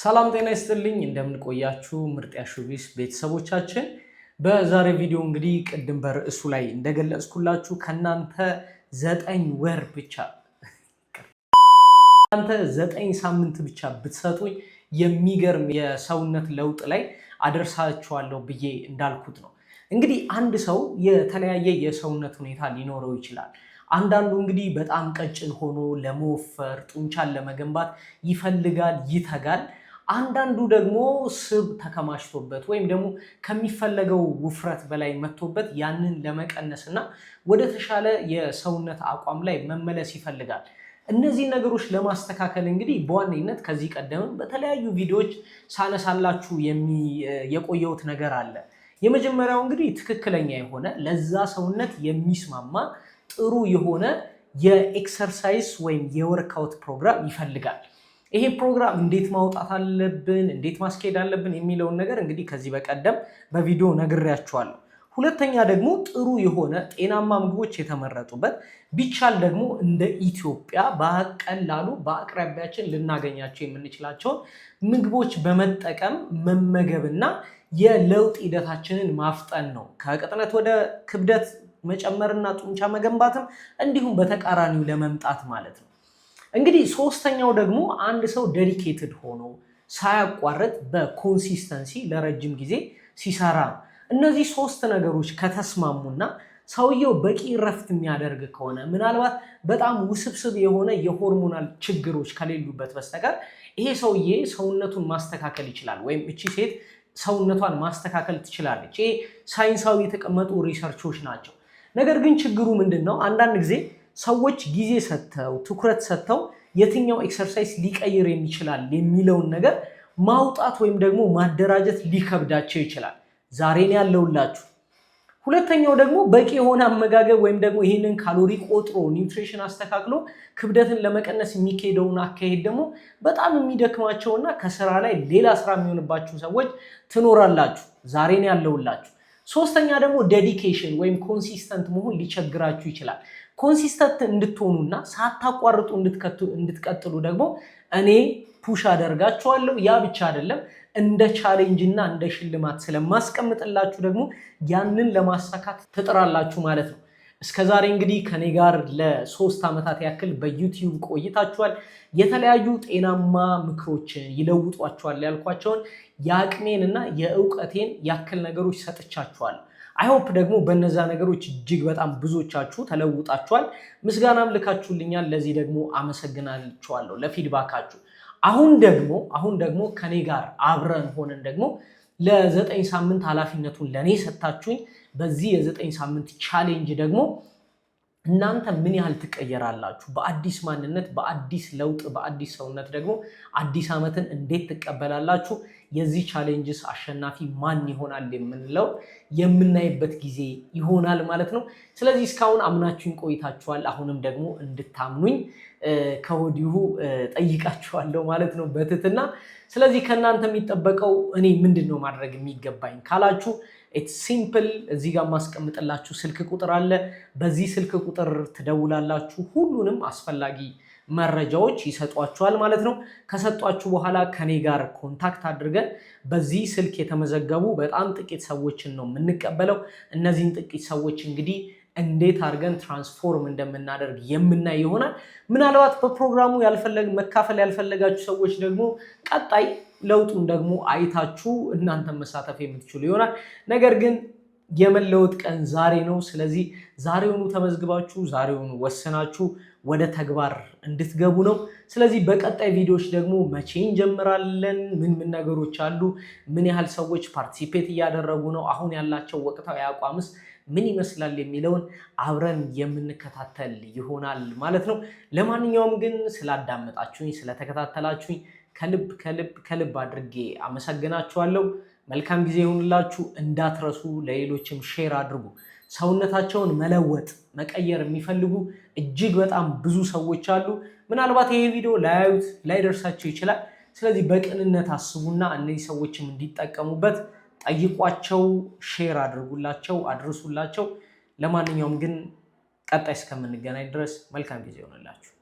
ሰላም ጤና ይስጥልኝ፣ እንደምንቆያችሁ ምርጥ ያሹቢስ ቤተሰቦቻችን። በዛሬ ቪዲዮ እንግዲህ ቅድም በርዕሱ ላይ እንደገለጽኩላችሁ ከእናንተ ዘጠኝ ወር ብቻ እናንተ ዘጠኝ ሳምንት ብቻ ብትሰጡኝ የሚገርም የሰውነት ለውጥ ላይ አደርሳችኋለሁ ብዬ እንዳልኩት ነው። እንግዲህ አንድ ሰው የተለያየ የሰውነት ሁኔታ ሊኖረው ይችላል። አንዳንዱ እንግዲህ በጣም ቀጭን ሆኖ ለመወፈር ጡንቻን ለመገንባት ይፈልጋል፣ ይተጋል። አንዳንዱ ደግሞ ስብ ተከማችቶበት ወይም ደግሞ ከሚፈለገው ውፍረት በላይ መጥቶበት ያንን ለመቀነስ እና ወደ ተሻለ የሰውነት አቋም ላይ መመለስ ይፈልጋል። እነዚህን ነገሮች ለማስተካከል እንግዲህ በዋነኝነት ከዚህ ቀደምም በተለያዩ ቪዲዮዎች ሳነሳላችሁ የቆየሁት ነገር አለ። የመጀመሪያው እንግዲህ ትክክለኛ የሆነ ለዛ ሰውነት የሚስማማ ጥሩ የሆነ የኤክሰርሳይዝ ወይም የወርካውት ፕሮግራም ይፈልጋል። ይሄ ፕሮግራም እንዴት ማውጣት አለብን፣ እንዴት ማስኬድ አለብን የሚለውን ነገር እንግዲህ ከዚህ በቀደም በቪዲዮ ነግሬያቸዋለሁ። ሁለተኛ ደግሞ ጥሩ የሆነ ጤናማ ምግቦች የተመረጡበት ቢቻል ደግሞ እንደ ኢትዮጵያ በቀላሉ በአቅራቢያችን ልናገኛቸው የምንችላቸውን ምግቦች በመጠቀም መመገብና የለውጥ ሂደታችንን ማፍጠን ነው። ከቅጥነት ወደ ክብደት መጨመርና ጡንቻ መገንባትም እንዲሁም በተቃራኒው ለመምጣት ማለት ነው። እንግዲህ ሶስተኛው ደግሞ አንድ ሰው ዴዲኬትድ ሆኖ ሳያቋርጥ በኮንሲስተንሲ ለረጅም ጊዜ ሲሰራ ነው። እነዚህ ሶስት ነገሮች ከተስማሙና ሰውየው በቂ እረፍት የሚያደርግ ከሆነ ምናልባት በጣም ውስብስብ የሆነ የሆርሞናል ችግሮች ከሌሉበት በስተቀር ይሄ ሰውዬ ሰውነቱን ማስተካከል ይችላል፣ ወይም እቺ ሴት ሰውነቷን ማስተካከል ትችላለች። ይሄ ሳይንሳዊ የተቀመጡ ሪሰርቾች ናቸው። ነገር ግን ችግሩ ምንድን ነው? አንዳንድ ጊዜ ሰዎች ጊዜ ሰጥተው ትኩረት ሰጥተው የትኛው ኤክሰርሳይዝ ሊቀይር የሚችላል የሚለውን ነገር ማውጣት ወይም ደግሞ ማደራጀት ሊከብዳቸው ይችላል። ዛሬን ያለውላችሁ። ሁለተኛው ደግሞ በቂ የሆነ አመጋገብ ወይም ደግሞ ይህንን ካሎሪ ቆጥሮ ኒውትሪሽን አስተካክሎ ክብደትን ለመቀነስ የሚካሄደውን አካሄድ ደግሞ በጣም የሚደክማቸውና ከስራ ላይ ሌላ ስራ የሚሆንባችሁ ሰዎች ትኖራላችሁ። ዛሬን ያለውላችሁ። ሶስተኛ ደግሞ ዴዲኬሽን ወይም ኮንሲስተንት መሆን ሊቸግራችሁ ይችላል። ኮንሲስተንት እንድትሆኑና ሳታቋርጡ እንድትቀጥሉ ደግሞ እኔ ፑሽ አደርጋችኋለሁ። ያ ብቻ አይደለም እንደ ቻሌንጅ እና እንደ ሽልማት ስለማስቀምጥላችሁ ደግሞ ያንን ለማሳካት ትጥራላችሁ ማለት ነው። እስከ ዛሬ እንግዲህ ከኔ ጋር ለሶስት ዓመታት ያክል በዩቲዩብ ቆይታችኋል። የተለያዩ ጤናማ ምክሮችን ይለውጧችኋል ያልኳቸውን የአቅሜን እና የእውቀቴን ያክል ነገሮች ሰጥቻችኋል። አይሆፕ ደግሞ በነዛ ነገሮች እጅግ በጣም ብዙዎቻችሁ ተለውጣችኋል፣ ምስጋናም ልካችሁልኛል። ለዚህ ደግሞ አመሰግናችኋለሁ ለፊድባካችሁ። አሁን ደግሞ አሁን ደግሞ ከኔ ጋር አብረን ሆነን ደግሞ ለዘጠኝ ሳምንት ኃላፊነቱን ለእኔ ሰጥታችሁኝ በዚህ የዘጠኝ ሳምንት ቻሌንጅ ደግሞ እናንተ ምን ያህል ትቀየራላችሁ? በአዲስ ማንነት፣ በአዲስ ለውጥ፣ በአዲስ ሰውነት ደግሞ አዲስ ዓመትን እንዴት ትቀበላላችሁ? የዚህ ቻሌንጅስ አሸናፊ ማን ይሆናል የምንለው የምናይበት ጊዜ ይሆናል ማለት ነው። ስለዚህ እስካሁን አምናችሁኝ ቆይታችኋል። አሁንም ደግሞ እንድታምኑኝ ከወዲሁ ጠይቃችኋለሁ ማለት ነው በትትና ስለዚህ ከእናንተ የሚጠበቀው እኔ ምንድን ነው ማድረግ የሚገባኝ ካላችሁ ኢትስ ሲምፕል። እዚህ ጋር ማስቀምጥላችሁ ስልክ ቁጥር አለ። በዚህ ስልክ ቁጥር ትደውላላችሁ ሁሉንም አስፈላጊ መረጃዎች ይሰጧችኋል ማለት ነው። ከሰጧችሁ በኋላ ከኔ ጋር ኮንታክት አድርገን በዚህ ስልክ የተመዘገቡ በጣም ጥቂት ሰዎችን ነው የምንቀበለው። እነዚህን ጥቂት ሰዎች እንግዲህ እንዴት አድርገን ትራንስፎርም እንደምናደርግ የምናይ ይሆናል። ምናልባት በፕሮግራሙ መካፈል ያልፈለጋችሁ ሰዎች ደግሞ ቀጣይ ለውጡን ደግሞ አይታችሁ እናንተ መሳተፍ የምትችሉ ይሆናል። ነገር ግን የመለወጥ ቀን ዛሬ ነው። ስለዚህ ዛሬውኑ ተመዝግባችሁ ዛሬውኑ ወሰናችሁ ወደ ተግባር እንድትገቡ ነው። ስለዚህ በቀጣይ ቪዲዮዎች ደግሞ መቼ እንጀምራለን፣ ምን ምን ነገሮች አሉ፣ ምን ያህል ሰዎች ፓርቲሲፔት እያደረጉ ነው፣ አሁን ያላቸው ወቅታዊ አቋምስ ምን ይመስላል የሚለውን አብረን የምንከታተል ይሆናል ማለት ነው። ለማንኛውም ግን ስላዳመጣችሁኝ፣ ስለተከታተላችሁኝ ከልብ ከልብ ከልብ አድርጌ አመሰግናችኋለሁ። መልካም ጊዜ ይሁንላችሁ። እንዳትረሱ፣ ለሌሎችም ሼር አድርጉ። ሰውነታቸውን መለወጥ መቀየር የሚፈልጉ እጅግ በጣም ብዙ ሰዎች አሉ። ምናልባት ይሄ ቪዲዮ ላያዩት ላይደርሳቸው ይችላል። ስለዚህ በቅንነት አስቡና እነዚህ ሰዎችም እንዲጠቀሙበት ጠይቋቸው፣ ሼር አድርጉላቸው፣ አድርሱላቸው። ለማንኛውም ግን ቀጣይ እስከምንገናኝ ድረስ መልካም ጊዜ ይሆንላችሁ።